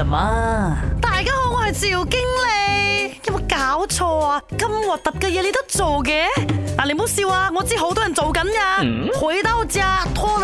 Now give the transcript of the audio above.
什麼大家好，我係趙經理，有冇搞錯啊？咁核突嘅嘢，你都做嘅？你唔好笑啊，我知好多人做緊呀，嗯、回到家拖。